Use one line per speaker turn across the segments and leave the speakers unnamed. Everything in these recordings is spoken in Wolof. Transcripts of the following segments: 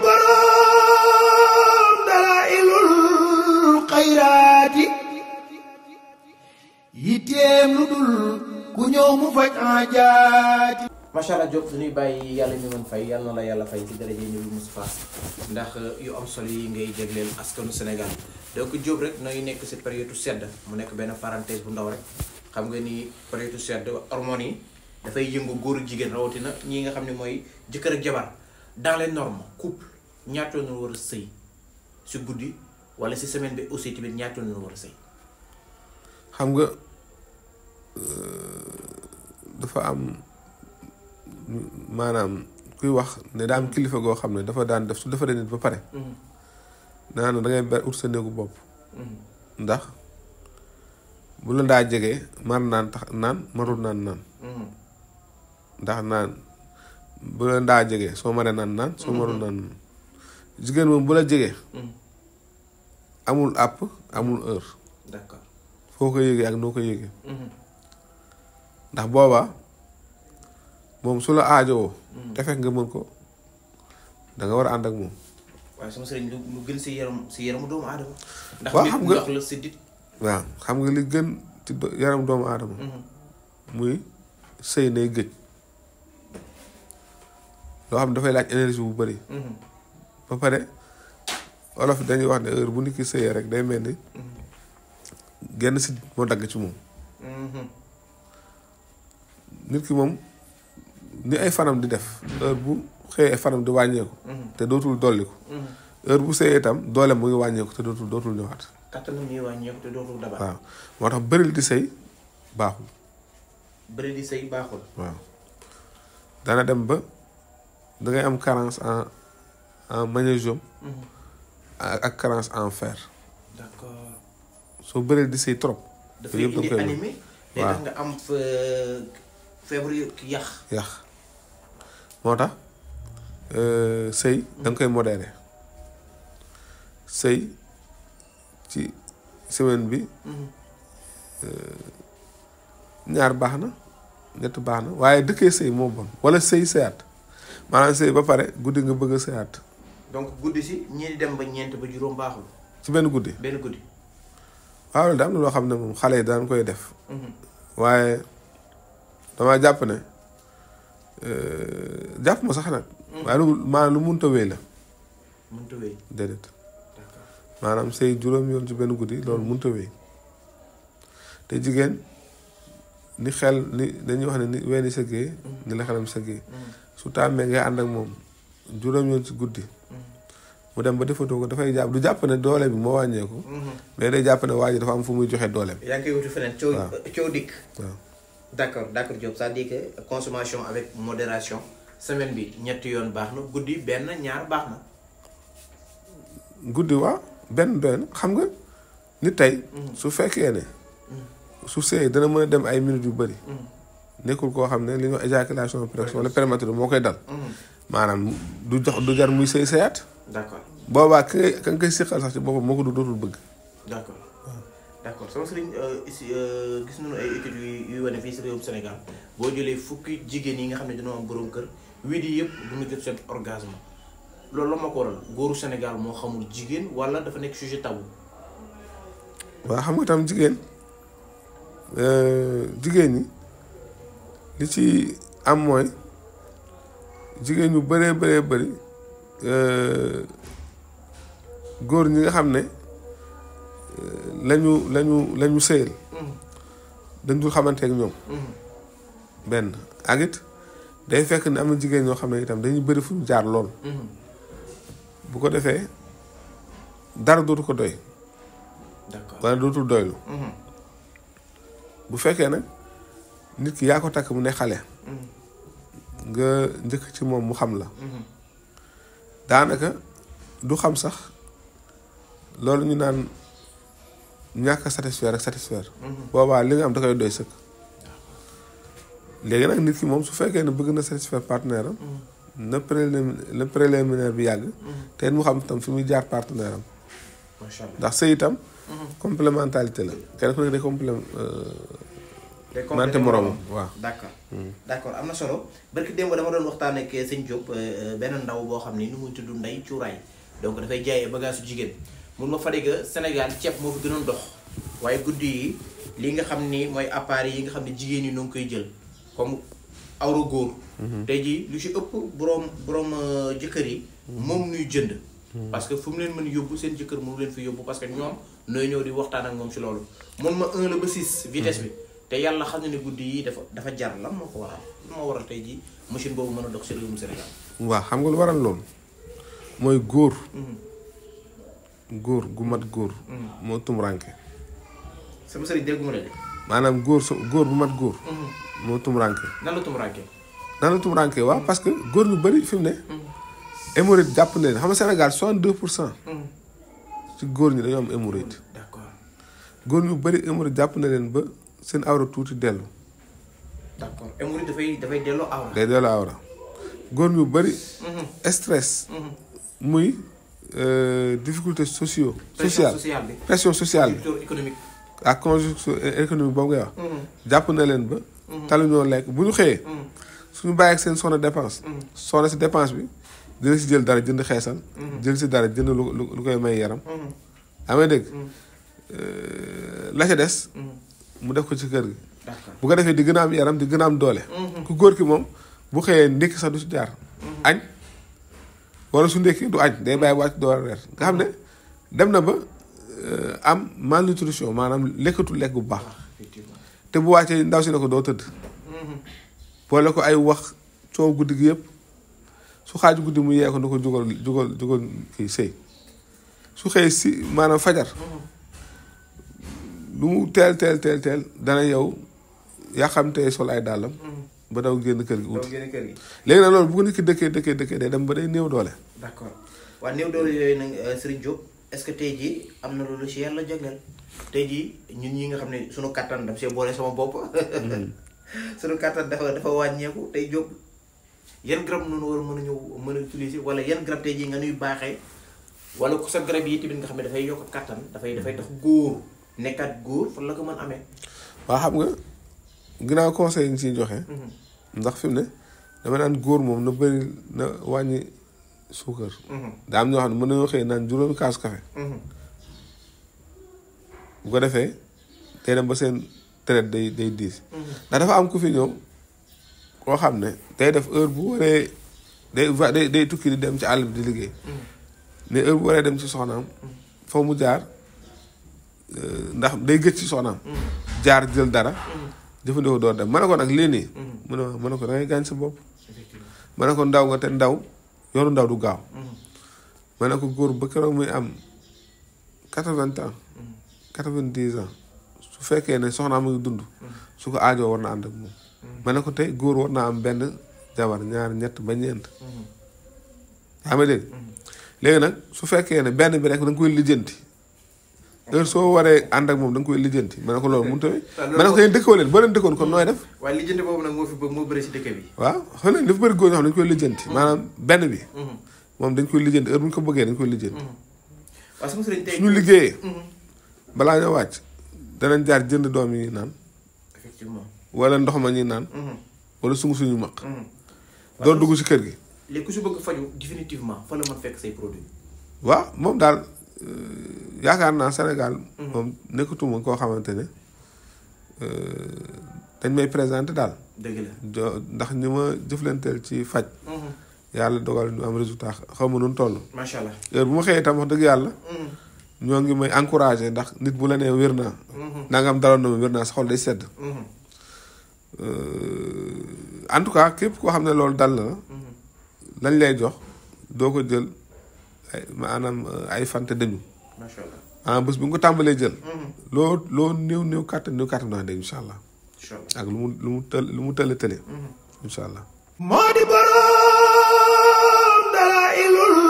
boroom dalailul xayraati yitteem lu dul ku ñëw mu faj aajaati macha allah Diop dañuy bàyyi yàlla ñu mën fay yàlla la yàlla fay ci daraje ñu Moustapha ndax euh, yu am solo yi ngay jagleel askanu Sénégal donc Diop rek nooy nekk si période sedd mu nekk benn parenthèse bu ndaw rek xam nga ni période sedd hormones yi dafay yëngu góoru jigéen rawatina ñi nga xam ne mooy jëkkër ak jabar dans les normes couple ñaata yoon war a sëy si guddi wala si semaine bi aussi tamit ñaata yoon
war a sëy. xam nga euh, dafa am maanaam kuy wax ne daa am kilifa goo xam ne dafa daan def su defaree nit ba pare. naan da ngay bu daa jege mar naan tax naan marul naan naan. Mhm. ndax naan bu la daa jege soo maree naan naan. soo mhm. marul naan. jigéen moom bu la jege. Hmm. amul àpp amul heure. foo ko yëgee ak noo ko yëgee. Hmm. ndax boobaa moom su la aajowoo. Hmm. te fekk nga mën ko da war a ànd ak moom.
waaye sama sëriñ lu gën si yaram si yaramu doomu aadama. waaw xam nga ndax
li gën ci yaram doomu aadama. muy sëy nay gëj. loo xam ne dafay laaj énergie bu bari. ba pare olof dañuy wax ne heure bu nit ki sëyee rek day mel ni genn si moo dagg ci moom nit ki moom ni ay fanam di def heure bu xëyee ay fanam di wàññeeku te dootul dolliku heure bu sëyee itam doole mu wàññeeku te dootul dootul ñëwaat
kattanam ñuy wàññeeku te dootul waaw
moo tax bëril di sëy baaxul bëril di waaw dana dem ba dangay am carence en en magnésium. Mhm. ak carence en fer. soo bëree di say trop. dafay indi anémie day tax
nga am euh, feebar yàq.
moo tax euh, sëy mhm. da koy modéré sëy ci semaine bi. Mhm. Euh, ñaar baax na ñett baax na waaye dëkkee sëy moo bon wala sëy sëyaat maanaam sëy ba pare guddi nga bëgg a sëyaat.
donc guddi si ñii dem ba ñeent ba juróom baaxul. ci benn guddi benn guddi.
waaw loolu daal loo xam ne moom xale yi daan koy def. Mhm. waaye damaa jàpp ne euh, jàpp ma sax nag. Mhm. waaye lu maanaam lu la. mënta wéy maanaam sëy juróom yoon ci benn guddi loolu mënta wéy te jigéen ni xel ni dañuy wax ne ni weeni sëggee mhm. ni la xelam sëggee su tàmmee ngay ànd ak moom. juróom yoon si guddi mu dem ba defatoo ko dafay jàpp du jàpp ne doole bi moo wàññeeku mhm. mais day jàpp ne waa ji dafa am fu muy joxe doole bi yaa ngi koy wuti feneen coow
coow d' accord d' accord Diop c'est-à-dire que avec modération semaine bi ñetti yoon baax na guddi benn ñaar
baax na guddi waa benn doy xam nga ni tey mhm. su fekkee ne mhm. su seey dana mën a dem ay minutes yu bëri nekkul koo xam ne li ñuy wax éjaculation précoce moo koy dal. maanaam du jox du jar muy sëy sëyaat. d'accord boobaa ka ngay ka nga koy sax ci boppam moo ko du dootul bëgg.
d'accord d'accord sama euh, euh, gis nañu ay études yu yu si réewum Sénégal boo jëlee fukki jigéen yi nga xam ne dañoo am borom yëpp du ñu jot seen orgasme loolu la ma ko waral góoru Sénégal moo xamul jigéen walla dafa nekk sujet tabou.
waaw xam nga tam jigéen euh, jigéen ñi. li ci am mooy jigéen ñu bëree bare bëri euh, góor ñi nga xam ne euh, lañu lañu lañu sëyal mm-hmm. dañ dul xamante ak ñoom mm-hmm. benn ak day fekk ni am na jigéen ñoo xam ne itam dañuy bëri fu ñu jaar lool mm-hmm. bu ko defee dara dootu ko doy wala dootul doylu bu fekkee nag nit ki yaa ko takk mu ne xale nga njëkk ci moom mu xam la daanaka du xam sax loolu ñu naan ñàkk a satisfaire ak satisfaire mhm. boobaa li nga am da doy sëkk léegi nag nit ki moom su fekkee ne bëgg na satisfaire partenaire am mhm. na préliminaire bi yàgg mhm. te mu xam tam fi muy jaar partenaire am ndax sëy itam complémentarité la kenn ku nekk day complé euh, te complété moromu waaw d' accord. Hmm.
d' accord am na solo barki démb dama doon waxtaan ak sëñ Diop euh, euh, benn ndaw boo xam ni nu muy tudd Ndeye Cuuraay donc dafay jaayee bagaasu jigéen mun ma fari que Sénégal ceeb moo fi gënoon dox waaye guddi yi nga xam ni mooy appareil yi nga xam ne jigéen ñi ñoo ngi koy jël comme awra góor. Hmm. tey ji lu si ëpp borom borom euh, jëkkër yi. Hmm. moom nuy jënd. parce que fu mu leen mën yóbbu seen jëkkër mënu leen fi yóbbu parce que ñoom nooy ñëw di waxtaan ak moom ci loolu. moom ma un la ba six vitesse bi. te yàlla xam na ne guddi yi dafa dafa jar lan moo ko waral moo waral tey jii machine boobu mën a dox si réewum Sénégal.
waaw xam nga lu waral loolu góor. Mhm. góor gu mat góor. Mhm. moo tumranke
sama sëriñ dégguma la de.
maanaam góor so góor bu mat góor. Mhm. moo tumranke nan la tumranke nan la tumranke waaw parce que góor ñu bëri fi mu ne. hémorroïde jàpp na leen xam senegal Sénégal 62 pour cent. ci góor ñi dañoo am hémorroïde. d'accord góor ñu bëri hémorroïde jàpp na leen ba. seen awra tuuti dellu.
d'accord hémorroïde dafay awra. day delloo
awra góor bëri. Mhm. stress. Mhm. muy euh, difficulté socio. sociale pression sociale bi économique. ak conjonction euh, économique boobu wax. Mhm. jàpp na leen ba. talu lekk bu ñu xëyee. suñu bàyyi ak seen soxna dépense. soxna si dépense bi dina si jël dara jënd xeesal. jël si dara jënd lu lu koy may yaram. amee dégg euh, la ca des. mu def ko ci kër gi. bu ko defee di gën a am yaram di gën a am doole. Mhm. ku góor ki moom bu xëyee ndékki sax du si jaar. Mhm. añ wala su ndékki du añ day bàyyi wàcc door a reer nga xam ne dem na ba euh, am malnutrition maanaam lekkatul lekk bu baax. Ah, te bu wàccee ndaw si ne ko doo tëdd. Mhm. boole ko ay wax coow guddi gi yëpp su xaaj guddi mu yee ko na ko jugal jugal jugal kii sëy su xëyee si maanaam fajar. lu mu tel tel tel, teel dana yow ya xam tey sol ay dàllam. Mm-hmm. ba daw génn kër gi ut. léegi nag loolu bu ko nit ki dëkkee dëkkee dëkkee day dem ba day néew doole.
d' accord waa néew doole yooyu nag euh, Serigne Diop est ce que tey jii am na loolu si yàlla jagleel tey ñun ñi nga xam ne sunu kattan daf see sama bopp. Mm-hmm. sunu kattan dafa dafa wàññeeku tey Diop yan garab noonu war a mën a ñëw mën a utiliser wala yan garab tey jii nga nuy baaxee wala ku sa garab yi tamit nga xam ne dafay yokk kattan dafay dafay tax góor. nekkaat góor fan la mën amee.
waaw xam nga ginnaaw conseil si ñu ciy joxe. Mhm. ndax fi ne dama naan góor moom na bëri na wàññi suukar. Mhm. daa am ñoo xam ne mën nañoo xëy naan juróomi kaas kafe. Mhm. bu ko defee day dem ba seen traite day diis. ndax dafa am ku fi ñoom koo xam ne day def heure bu waree day tukki di dem ci àll bi di liggéey. mais heure bu waree dem ci soxnaam. foo mu jaar. Euh, ndax day gëj ci soxnaam. Mm. jaar jël dara. Mm. jëfandikoo door dem ma ne ko nag lii nii. Mm. mu ma ne ko da gaañ sa bopp. ma ne ko ndaw nga te ndaw yoonu ndaw du gaaw. ma ne ko góor ba keroog muy am quatre vingt ans. quatre vingt dix ans su fekkee ne soxnaam mu ngi dund. su ko aajoo war na ànd ak moom. ma ne ko tey góor war naa am benn jabar ñaar ñett ba ñeent. yaa ngi dégg léegi nag su fekkee ne benn bi rek da koy lijjanti. heure soo waree ànd ak moom da koy lijjanti ma ko loolu mënut a. ma ne ko yéen dëkkoo leen boo leen dëkkoon kon nooy def.
waaye lijjanti boobu nag moo fi moo bëri si dëkk bi.
waaw xam nga dafa bëri góor ñoo xam dañu koy lijjanti. Mm-hmm. maanaam benn bi. Mm-hmm. moom ñu ko bëggee dañ koy mm-hmm. su ma liggéeyee. balaa ñoo wàcc danañ jaar jënd doom yi naan. effectivement ndox ma ñuy naan. wala sungu suñu maq. doo dugg si kër gi.
léegi ku si bëgg faju définitivement fa la ma fekk say produit.
waaw moom daal Euh, yaakaar naa Sénégal. moom nekkatuma koo xamante ne euh, dañ may présenté daal. dëgg ndax ñu ma jëflanteel ci faj. Mhm. yàlla dogal ñu am résultat xaw ma nu toll. macha allah heure bu ma xëyee tam dëgg yàlla. Mhm. ñoo ngi may encouragé ndax nit bu la nee wér naa. Mhm. nangam daloon na ma wér naa sa xol day sedd. Euh, en cas képp koo xam ne loolu dal na. lañ lay jox doo ko jël. maanaam euh, ay fante dañu. macha allah ah bés bu nga tàmbalee jël. Mm-hmm. loo loo néew néew kàttan néew kàttan naa de incha allah. ak lu mu lu mu tël lu mu mm-hmm. allah. moo di boroom dalailul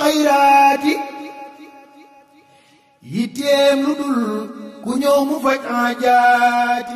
xayraati yitteem lu dul ku ñëw mu faj aajaati